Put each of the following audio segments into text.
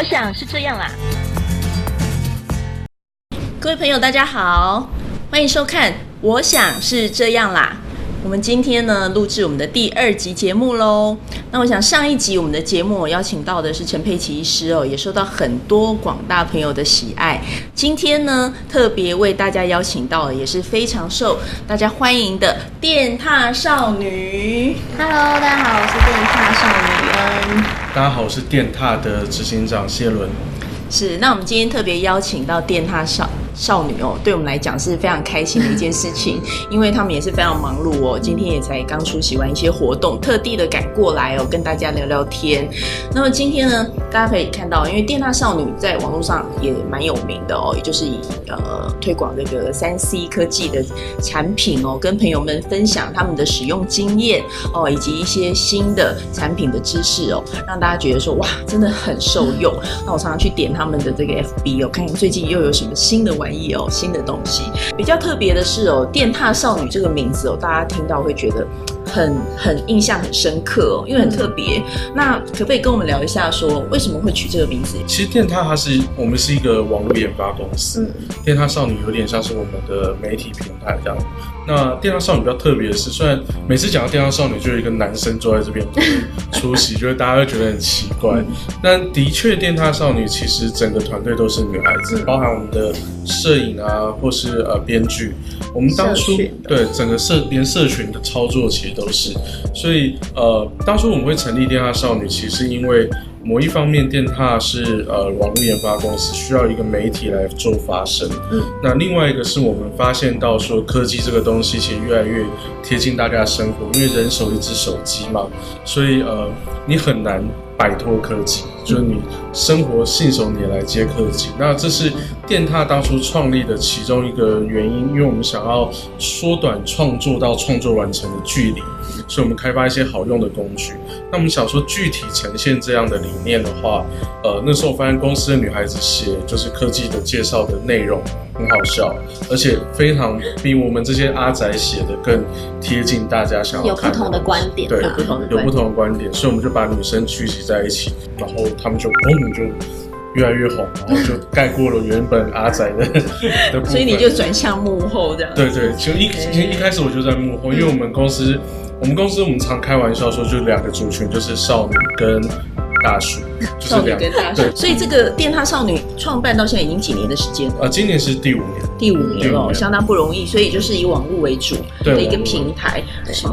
我想是這樣啦，各位朋友大家好，歡迎收看《我想是這樣啦》。我們今天呢錄製我們的第二集節目嘍。那我想上一集我們的節目我邀請到的是陳佩琪醫師哦，也受到很多廣大朋友的喜愛。今天呢特別為大家邀請到的也是非常受大家歡迎的電獺少女。Hello，大家好，我是電獺少女，嗯。大家好，我是電獺的執行長謝倫。是，那我們今天特別邀請到電獺少。少女哦、喔，對我們來講是非常開心的一件事情， 因為他們也是非常忙碌哦、喔，今天也才剛出席完一些活動，特地的趕過來哦、喔，跟大家聊聊天。那麼今天呢，大家可以看到，因為電獺少女在網絡上也蠻有名的哦、喔，也就是以呃推廣這個三 C 科技的產品哦、喔，跟朋友們分享他們的使用經驗哦、喔，以及一些新的產品的知識哦、喔，讓大家覺得說哇，真的很受用。那我常常去點他們的這個 FB 哦、喔，看看最近又有什麼新的玩意。有新的東西比較特別的是哦、喔，“電獺少女”這個名字哦、喔，大家聽到會覺得，很很印象很深刻，哦，因為很特別，嗯。那可不可以跟我們聊一下，說為什麼會取這個名字？其實電獺它是我們是一個網絡研發公司，嗯，電獺少女有點像是我們的媒體平台這樣。那電獺少女比較特別的是，雖然每次講到電獺少女，就有一個男生坐在這邊出席， 就是大家會覺得很奇怪。那、嗯、的確，電獺少女其實整個團隊都是女孩子，嗯，包含我們的攝影啊，或是呃編劇。我們當初對整個社連社群的操作，其實都。都是，所以呃，當初我們會成立電獺少女，其實因為某一方面電，電獺是呃網絡研發公司需要一個媒體來做發聲，嗯，那另外一個是我們發現到說科技這個東西其實越來越貼近大家生活，因為人手一只手機嘛，所以呃，你很難。擺脫科技，就是你生活信手拈來接科技。那這是電獺當初創立的其中一個原因，因為我們想要縮短創作到創作完成的距離，所以我們開發一些好用的工具。那我們想說具體呈現這樣的理念的話，呃，那時候我發現公司的女孩子寫就是科技的介紹的內容很好笑，而且非常比我們這些阿宅寫的更貼近大家想要看。有不同的觀點，有不同的觀點，對，有有不同的觀點，所以我們就把女生聚集。在一起，然後他們就哦，就越來越紅，然後就蓋過了原本阿仔的。的 所以你就轉向幕後這樣。對對，其實一、okay. 一開始我就在幕後，因為我們公司， 我們公司我們常開玩笑說就兩個族群，就是少女跟大叔，就是。少女跟大叔。所以這個電獺少女創辦到現在已經幾年的時間？了。啊、呃，今年是第五年。第五名哦，相當不容易，所以就是以網絡為主的一個平台。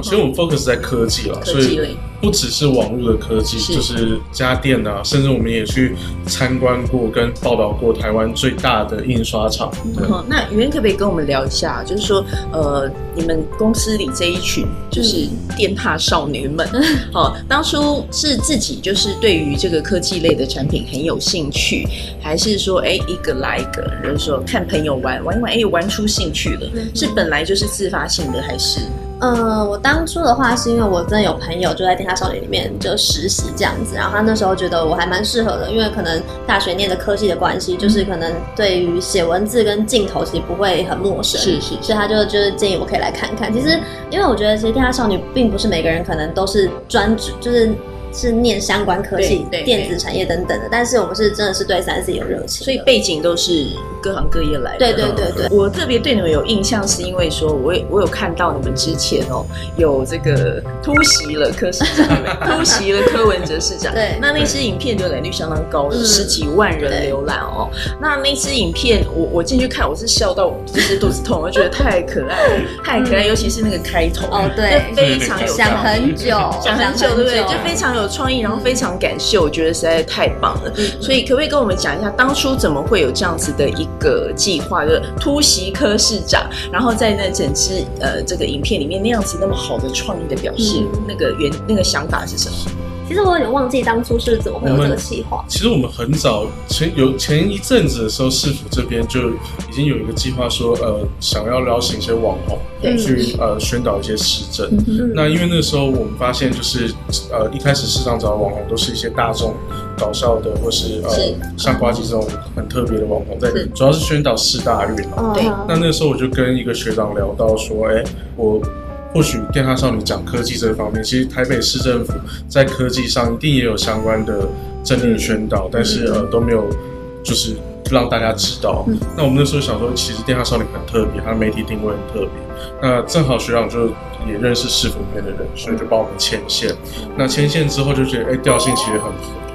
所以我們 focus 在科技啦，所以不只是網絡的科技，就是家電啊，甚至我們也去參觀過跟報道過台灣最大的印刷廠，嗯。那語言可不可以跟我們聊一下，啊？就是說，呃，你們公司裡這一群就是電獺少女們，好，嗯哦，當初是自己就是對於這個科技類的產品很有興趣，還是說，哎、欸，一個來一個，就是說看朋友玩玩？因、欸、有玩出興趣的、嗯嗯，是本來就是自發性的，還是？嗯、呃，我當初的話是因為我真的有朋友就在《電獺少女》裡面就實習這樣子，然後他那時候覺得我還蠻適合的，因為可能大學念的科技的關係、嗯，就是可能對於寫文字跟鏡頭其實不會很陌生，是是，是，是，所以他就就是建議我可以來看看。其實因為我覺得，其實《電獺少女》並不是每個人可能都是專職，就是是念相關科技、電子產業等等的對對對，但是我們是真的是對三 C 有熱情，所以背景都是。各行各業來的對對對對，我特別對你們有印象，是因為說，我我有看到你們之前哦、喔，有這個突襲了柯市長，突襲了柯文哲市長 對那那、嗯喔。對，那那支影片瀏覽率相當高，十幾萬人瀏覽哦。那那支影片，我我進去看，我是笑到我就是肚子痛，我覺得太可愛， 太可愛、嗯，尤其是那個開頭哦，對，非常有想很久，想很久，對不對？就非常有創意，然後非常感謝、嗯，我覺得實在太棒了。嗯、所以可不可以跟我們講一下，當初怎麼會有這樣子的一？個計劃就是、突襲柯市長，然後在那整支呃這個影片裡面那樣子那麼好的創意的表現、嗯，那個原那個想法是什麼？其實我有點忘記當初是怎麼會有這個計劃。其實我們很早前有前一陣子的時候，市府這邊就已經有一個計劃說，說呃想要邀請一些網紅、嗯、去呃宣導一些市政。嗯、哼哼那因為那個時候我們發現，就是呃一開始市場找的網紅都是一些大眾搞笑的，或是呃像瓜吉這種很特別的網紅在裡面，主要是宣導世大運嘛、嗯啊。對。那那個時候我就跟一個學長聊到說，哎我。或許電獺少女講科技這方面，其實台北市政府在科技上一定也有相關的政令宣導，但是呃都沒有，就是讓大家知道、嗯。那我們那時候想說，其實電獺少女很特別，她的媒體定位很特別。那正好學長就也認識市府裡面的人，所以就幫我們牽線。那牽線之後就覺得，哎、欸，調性其實很合。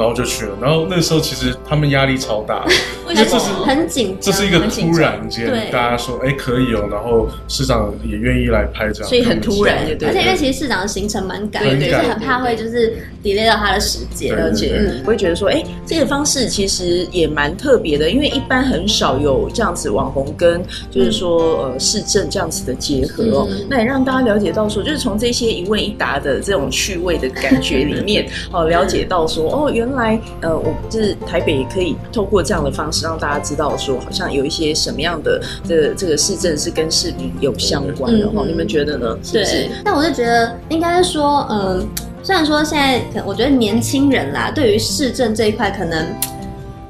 然後就去了，然後那時候其實他們壓力超大，我覺得是很緊張，這、就是就是一個突然間，對大家說哎可以哦，然後市長也願意來拍這樣。所以很突然對對對，而且因為其實市長的行程蠻趕的，對對，就是很怕會就是 delay 到他的時間，而且我、嗯、會覺得說哎，這個方式其實也蠻特別的，因為一般很少有這樣子網紅跟就是說呃市政這樣子的結合、哦、那也讓大家了解到說，就是從這些一問一答的這種趣味的感覺裡面 哦，了解到說哦原。原來，呃，我就是台北也可以透過這樣的方式讓大家知道說，說好像有一些什麼樣的的、這個、這個市政是跟市民有相關的，哈、嗯，嗯、你們覺得呢？對，是不是？那我就覺得應該是說，嗯、呃，雖然說現在我覺得年輕人啦，對於市政這一塊可能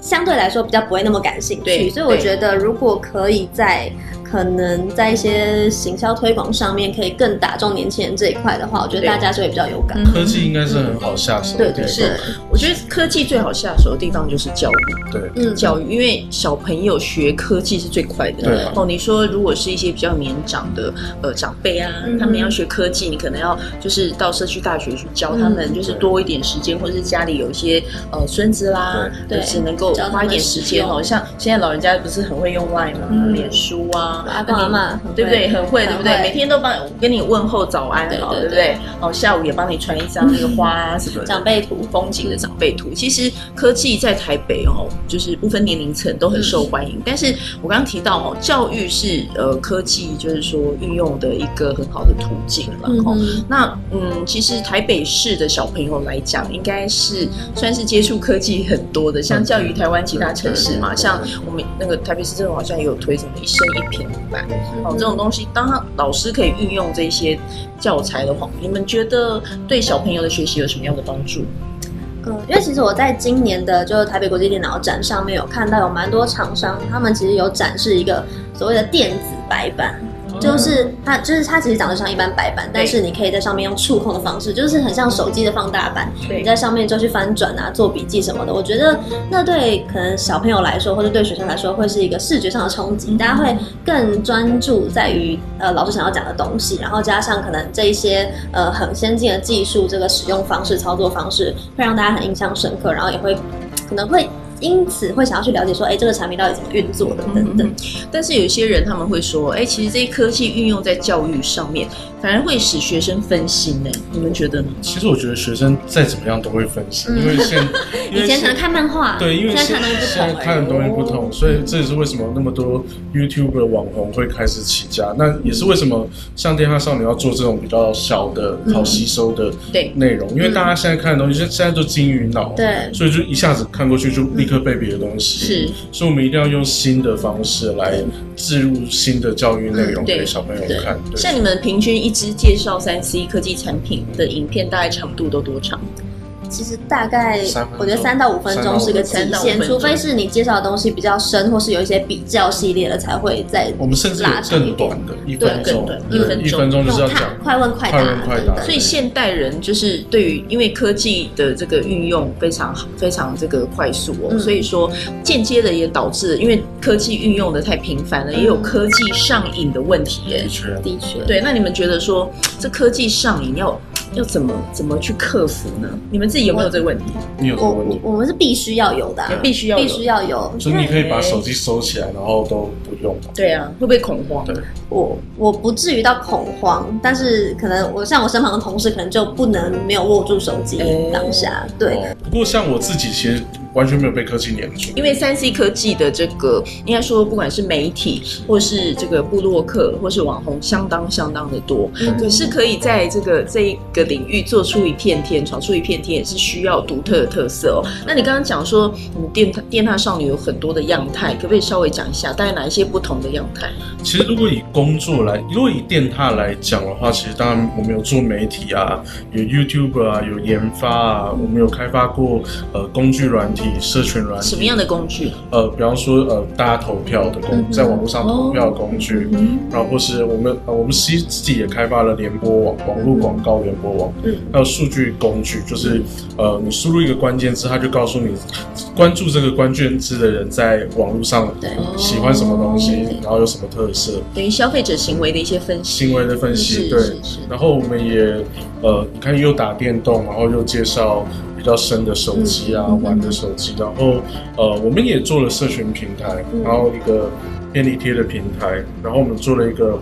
相對來說比較不會那麼感興趣，對，所以我覺得如果可以在。可能在一些行銷推廣上面，可以更打中年輕人這一塊的話，我覺得大家就會比較有感。嗯、科技應該是很好下手的地方、嗯，對對、就是。我覺得科技最好下手的地方就是教育，對，嗯，教育，因為小朋友學科技是最快的。對哦、啊，你說如果是一些比較年長的呃長輩啊、嗯，他們要學科技，你可能要就是到社區大學去教他們，就是多一點時間，或者是家裡有一些呃孫子啦，對，就只能夠花一點時間哦。像現在老人家不是很會用 Line 嗎？臉、嗯、書啊。你阿公阿媽，對不對？很？很會，對不對？每天都幫跟你問候早安了、嗯對對，對不對？哦，下午也幫你傳一張那個花什麼長輩圖、嗯、風景的長輩圖。其實科技在台北哦，就是不分年齡層都很受歡迎。嗯、但是我剛剛提到哦，教育是呃科技就是說運用的一個很好的途徑了哦、嗯嗯。那嗯，其實台北市的小朋友來講，應該是算是接觸科技很多的，相較於台灣其他城市嘛。嗯嗯，像我們那個台北市政府好像也有推什麼一生一屏。白、啊、好，這種東西，當他老師可以運用這些教材的話，你們覺得對小朋友的學習有什麼樣的幫助？嗯，因為其實我在今年的就是台北國際電腦展上面有看到有蠻多廠商，他們其實有展示一個所謂的電子白板。就是它，就是它，其實長得像一般白板，但是你可以在上面用觸控的方式，就是很像手機的放大版。對，你在上面就去翻轉啊，做筆記什麼的。我覺得那對可能小朋友來說，或者對學生來說，會是一個視覺上的衝擊，大家會更專注在於呃老師想要講的東西，然後加上可能這一些呃很先進的技術，這個使用方式、操作方式會讓大家很印象深刻，然後也會可能會。因此會想要去了解說，哎，這個產品到底怎麼運作的等等、嗯。但是有一些人他們會說，哎，其實這些科技運用在教育上面，反而會使學生分心。哎，你們覺得呢？其實我覺得學生再怎麼樣都會分心、嗯，因為現在 以前常看漫畫，對，因為現在，現在看的東西不同、嗯，所以這也是為什麼那麼多 YouTube 的網紅會開始起家。那也是為什麼像《電獺少女》要做這種比較小的、嗯、好吸收的對內容、嗯對，因為大家現在看的東西，現在都金魚腦，對，所以就一下子看過去就立。特別，別的東西，是，所以我們一定要用新的方式來置入新的教育內容給小朋友看。嗯、對對對對，像你們平均一支介紹 3C 科技產品的影片、嗯，大概長度都多長？其實大概，我覺得到三,三到五分鐘是個極限，除非是你介紹的東西比較深，或是有一些比較系列的，才會再。我們甚至更短的一分，對，更短，一分鐘就是要講。快問快答。所以現代人就是對於，因為科技的這個運用非常好，非常這個快速哦、喔嗯，所以說間接的也導致，因為科技運用的太頻繁了、嗯，也有科技上癮的問題。的確，的確，對。那你們覺得說這科技上癮要？要怎麼怎麼去克服呢？你們自己有沒有這個問題？我你有問題我我,我們是必須要有的、啊，必須要必須要有。所以你可以把手機收起來、欸，然後都不用。對啊，會不會恐慌？對我我不至於到,到恐慌，但是可能我像我身旁的同事，可能就不能沒有握住手機當下。欸、對、哦，不過像我自己其實完全沒有被科技黏住，因為三 C 科技的這個應該說，不管是媒體是或是這個部落客或是網紅，相當相當的多。可、嗯、是可以在這個這一個。的領域做出一片天，闖出一片天也是需要獨特的特色哦。那你剛剛講說，嗯、電電獺少女有很多的樣態，可不可以稍微講一下，大概哪一些不同的樣態？其實如果以工作來，如果以電獺來講的話，其實當然我們有做媒體啊，嗯、有 YouTuber 啊，有研發啊，嗯、我們有開發過呃工具軟體、社群軟體。什麼樣的工具？呃，比方說呃，大家投票的工，嗯、在網絡上投票的工具，嗯、然後或是我們、呃、我們其實自己也開發了聯播網，網絡廣告聯播。嗯，還有數據工具，就是呃，你輸入一個關鍵字，它就告訴你關注這個關鍵字的人在網絡上喜歡什麼東西，然後有什麼特色，對於消費者行為的一些分析。行為的分析，對。然後我們也呃，你看又打電動，然後又介紹比較深的手機啊，玩的手機。然後呃，我們也做了社群平台，然後一個便利貼的平台，然後我們做了一個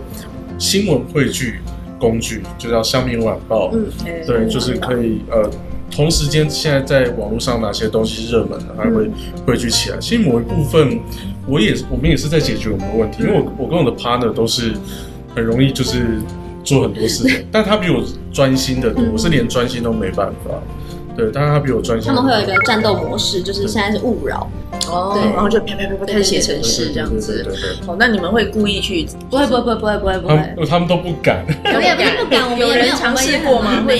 新聞匯聚工具就叫《鄉民晚報》。嗯，對，對，就是可以呃，同時間現在在網絡上哪些東西是熱門的，嗯、還會匯聚起來。其實某一部分，我也我們也是在解決我們的問題，嗯，因為我我跟我的 partner 都是很容易就是做很多事情，嗯，但他比我專心的多，嗯，我是連專心都沒辦法。對，但是他比我專心。他們會有一個戰鬥模式，嗯、就是現在是勿擾。Oh, 對哦，然後就啪啪啪開始寫程式這樣子。哦對對對，那你們會故意去、就是？不會不會不會不會不會，他不會，不會，他們都不敢。我 們也不敢。我 們有，有，有人嘗試過嗎？有不會。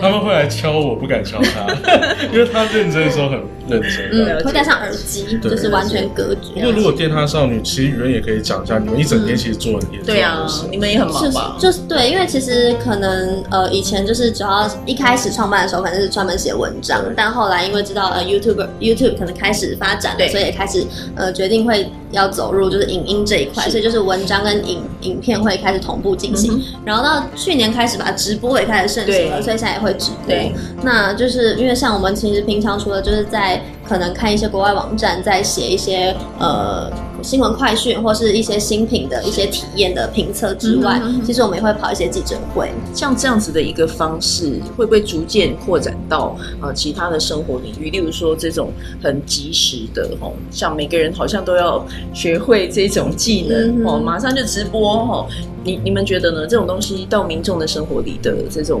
他們會來敲，我不敢敲他， 因為他認真的時候很認真、嗯。對。會戴上耳機，就是完全隔絕。因為如果電獺少女，其實語潤也可以講一下，你們一整天其實做的也、嗯、對啊，你們也很忙吧？就是對，因為其實可能呃，以前就是主要一開始創辦的時候，反正是專門寫文章，但後來因為知道、呃、YouTube，YouTube 可能開始發。展，所以也開始，呃，決定會要走入就是影音這一塊，所以就是文章跟影影片會開始同步進行，嗯，然後到去年開始吧，直播也開始盛行了，所以現在也會直播。那就是因為像我們其實平常除了就是在可能看一些國外網站，在寫一些呃。新聞快訊或是一些新品的新品一些體驗的評測之外，嗯嗯嗯嗯，其實我們也會跑一些記者會，像這樣子的一個方式，會不會逐漸擴展到呃其他的生活領域？例如說這種很及時的哦，像每個人好像都要學會這種技能，嗯嗯嗯哦，馬上就直播哦。你你們覺得呢？這種東西到民眾的生活裡的這種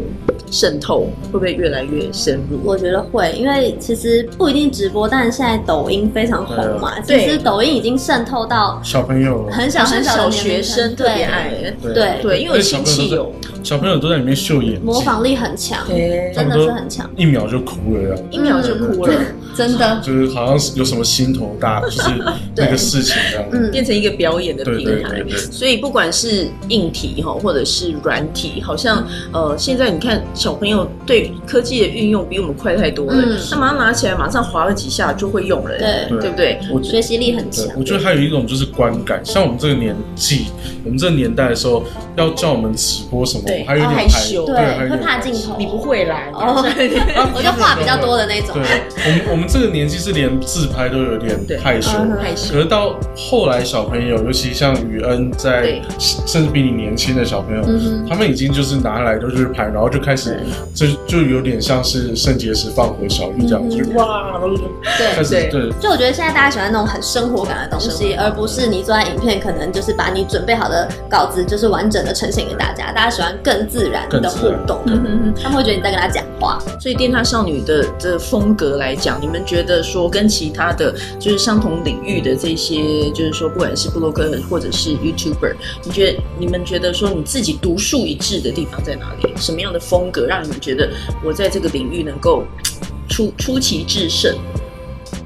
滲透，會不會越來越深入？我覺得會，因為其實不一定直播，但是現在抖音非常紅嘛，嗯、其實抖音已經滲。透到小朋友，很小很小生學生特別愛，對對、對、對，因為我親戚有，小朋友都在裡面秀眼，模仿力很強，對。真的是很強，一秒就哭了呀。一秒就哭了，真的，就是好像有什麼心頭大，就是那個事情這樣子，嗯，變成一個表演的平台。所以不管是硬體哈，或者是軟體，好像、嗯、呃，現在你看小朋友對科技的運用比我們快太多了，那、嗯、馬上拿起來，馬上劃了幾下就會用了耶，對對不對？我學習力很強，我覺得還有，一種就是觀感，像我們這個年紀，我們這個年代的時候，要叫我們直播什麼，我還有點害羞，對，會怕鏡頭，你不會來，哦、喔，我就話比較多的那種。對，嗯、對對，我們我們這個年紀是連自拍都有點害羞，害羞。嗯、可到後來小朋友，尤其像宇恩在，甚至比你年輕的小朋友，他們已經就是拿來就是拍，然後就開始就，就就有點像是聖結石放火、小玉這樣，子哇，對對對。就我覺得現在大家喜歡那種很生活感的東西。而不是你做完影片，可能就是把你準備好的稿子，就是完整的呈現給大家。大家喜歡更自然的互動， 他們會覺得你在跟他講話。所以電獺少女的這風格來講，你們覺得說跟其他的就是相同領域的這些，就是說不管是部落客或者是 YouTuber，你覺得你們覺得說你自己獨樹一幟的地方在哪裡？什麼樣的風格讓你們覺得我在這個領域能夠出出奇制勝？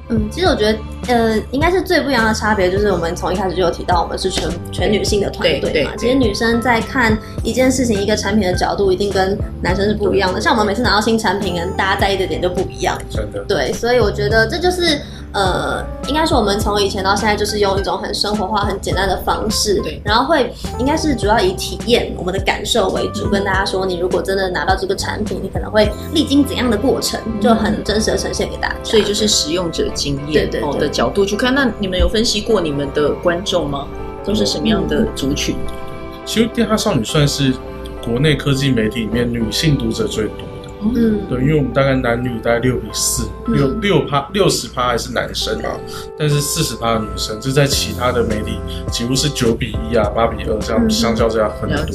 嗯，其實我覺得。呃，應該是最不一樣的差別，就是我們從一開始就有提到，我們是全全女性的團隊嘛。其實女生在看一件事情、一個產品的角度，一定跟男生是不一樣的。像我們每次拿到新產品，跟大家在意的點，點就不一樣。真的。對，所以我覺得這就是。呃，應該說我們從以前到現在，就是用一種很生活化、很簡單的方式，對，然後會應該是主要以體驗我們的感受為主，嗯、跟大家說，你如果真的拿到這個產品，你可能會歷經怎樣的過程，就很真實的呈現給大家。嗯、所以就是使用者經驗對。的角度去看。那你們有分析過你們的觀眾嗎？都是什麼樣的族群？嗯嗯、其實《電獺少女》算是國內科技媒體裡面女性讀者最多。嗯，對，因為我們大概男女大概六比四，嗯，六六趴六十趴還是男生啊，但是四十趴的女生，就在其他的媒體幾乎是九比一啊，八比二這樣，嗯，相較這樣很多。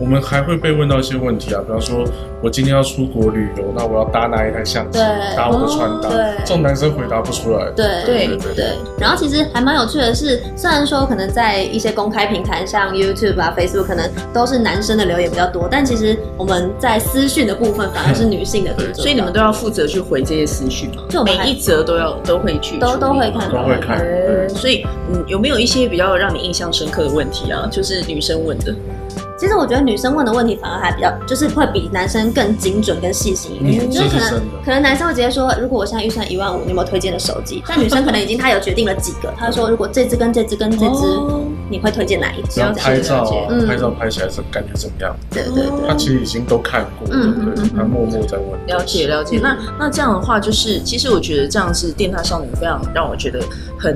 我們還會被問到一些問題啊，比方說，我今天要出國旅遊，那我要搭哪一台相機？搭我的穿搭、嗯對？這種男生回答不出來。對對對、對、對、對。然後其實還蠻有趣的是，雖然說可能在一些公開平台上，YouTube 啊、Facebook 可能都是男生的留言比較多，但其實我們在私訊的部分反而是女性的、嗯、所以你們都要負責去回這些私訊嘛。就每一則都要都會去，都都會看，都會看對對。所以，嗯，有沒有一些比較讓你印象深刻的問題啊？就是女生問的。其實我覺得女生問的問題反而還比較，就是會比男生更精準、更細心一點、嗯。就是可能，可能男生會直接說：“如果我現在預算一萬五，你有沒有推薦的手機？”但、嗯、女生可能已經她有決定了幾個。她、嗯、說：“如果這支跟這支跟這支、哦，你會推薦哪一支？”拍照、啊嗯，拍照拍起來是感覺怎麼樣？對對對，對，對對，她、嗯、其實已經都看過了，嗯、對她默默在問。了解了解，那那這樣的話，就是其實我覺得這樣是《電獺少女》非常讓我覺得很。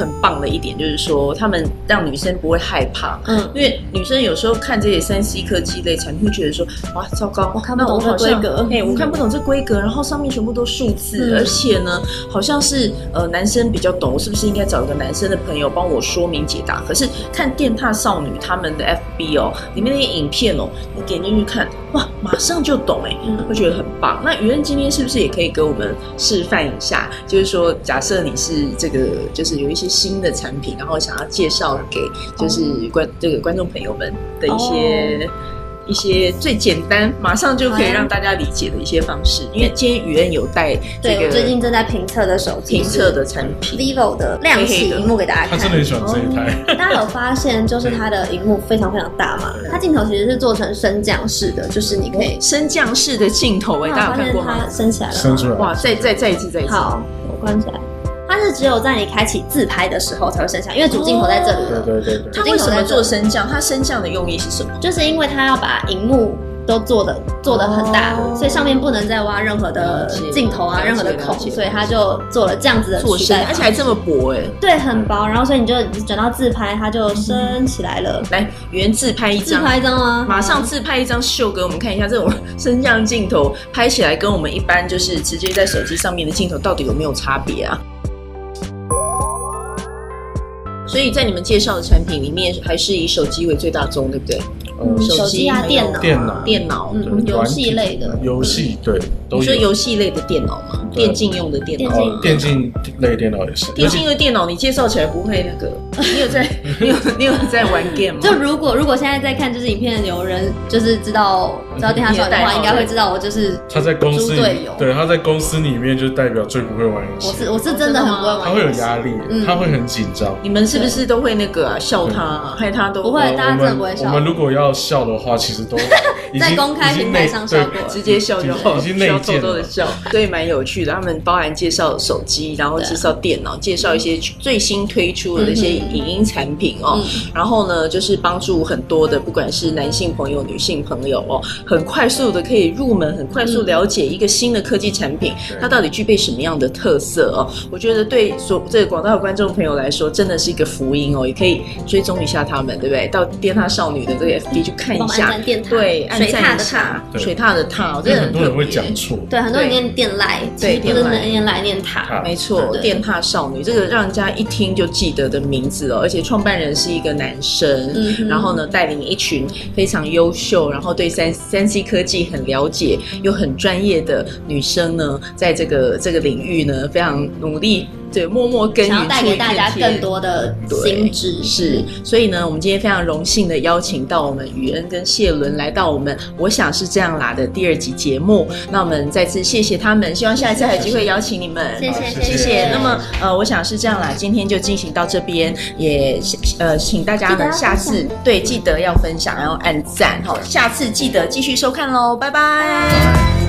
很棒的一點就是說，他們讓女生不會害怕。嗯，因為女生有時候看這些三 C 科技類產品，會覺得說，哇，糟糕，我看不懂這規格，哎、嗯，我看不懂這規格，然後上面全部都數字、嗯，而且呢，好像是呃，男生比較懂，我是不是應該找一個男生的朋友幫我說明解答？可是看電獺少女他們的 FB 哦，裡面那些影片哦，你點進去看。哇，馬上就懂哎，我覺得很棒。那於潤今天是不是也可以給我們示範一下，就是說，假設你是這個，就是有一些新的產品，然後想要介紹給就是觀、哦、這個觀眾朋友們的一些。一些最簡單，馬上就可以讓大家理解的一些方式。Oh, yeah. 因為今天雨恩有帶，對，我最近正在評測的手機，評測的產品，vivo 的亮屏熒幕給大家看。黑黑他真的很喜歡這一台。Oh, 大家有發現，就是它的熒幕非常非常大嘛？ 它鏡頭其實是做成升降式的，就是你可以、oh, 升降式的鏡頭、欸。哎，大家有看過嗎？它升起來了，升起來。哇，再再再一次再一次。好，我關起來。它是只有在你開啟自拍的時候才會升降，因為主鏡頭,、oh, 頭在這裡了。對對對,對。它為什麼做升降？它升降的用意是什麼？就是因為它要把熒幕都做的做的很大的，oh, 所以上面不能再挖任何的鏡頭啊,啊，任何的孔，所以它就做了這樣子的。做升降，而且還這麼薄哎、欸。對，很薄。然後所以你就轉到自拍，它就升起來了、嗯。來，原自拍一張。自拍一張嗎、啊？馬上自拍一張秀給我們看一下，嗯、這種升降鏡頭拍起來跟我們一般就是直接在手機上面的鏡頭到底有沒有差別啊？所以在你們介紹的產品裡面，還是以手機為最大宗，對不對？嗯、手機啊，電腦，電腦，嗯，遊戲類的，嗯、遊戲，對，都有，你說遊戲類的電腦嗎？啊、電競用的電腦、哦，電競類電腦也是。電競的電腦，你接受起來不會那個。你有在， 你有，你有在玩 game 嗎？就如果如果現在在看就是影片的有人，就是知道、嗯、知道電競的話，嗯、應該會知道，我就是他在公司對，他在公司裡面就代表最不會玩遊戲。我是我是真的很不會玩、嗯。他會有壓力、嗯，他會很緊張。你們是不是都會那個、啊、笑他、啊，害他都不會，啊不會？大家真的不會笑。我們如果要笑的話，其實都已經 在公開平台上笑過了，直接笑就好對，就是、已經內建的笑，所以蠻有趣。他們包含介紹手機，然後介紹電腦，介紹一些最新推出的那些影音產品、嗯、哦、嗯。然後呢，就是幫助很多的，不管是男性朋友、女性朋友哦，很快速的可以入門，很快速了解一個新的科技產品，它到底具備什麼樣的特色哦。我覺得對所、這個廣大的觀眾朋友來說，真的是一個福音哦。也可以追蹤一下他們，對不對？到電獺少女的這個 FB 去看一下。站對，按塔的獺，水獺的水獺的，這個很，很多人會講錯。對，對對很多人念電獺。對對就是能念來，來念塔，啊，沒錯，啊、電獺少女這個讓人家一聽就記得的名字哦。而且創辦人是一個男生，嗯、然後呢帶領一群非常優秀，然後對三三 C 科技很了解又很專業的女生呢，在這個這個領域呢非常努力。嗯對，默默耕耘，帶給大家更多的新知識，是所以呢，我們今天非常榮幸的邀請到我們宇恩跟謝倫來到我們，我想是這樣啦的第二集節目。那我們再次謝謝他們，希望下一次還有機會邀請你們。謝謝，謝謝，謝，謝，謝謝。那麼，呃，我想是這樣啦，今天就進行到這邊，也呃，請大家呢下次對記得要分享，然後按讚，好，下次記得繼續收看嘍，拜拜。拜拜。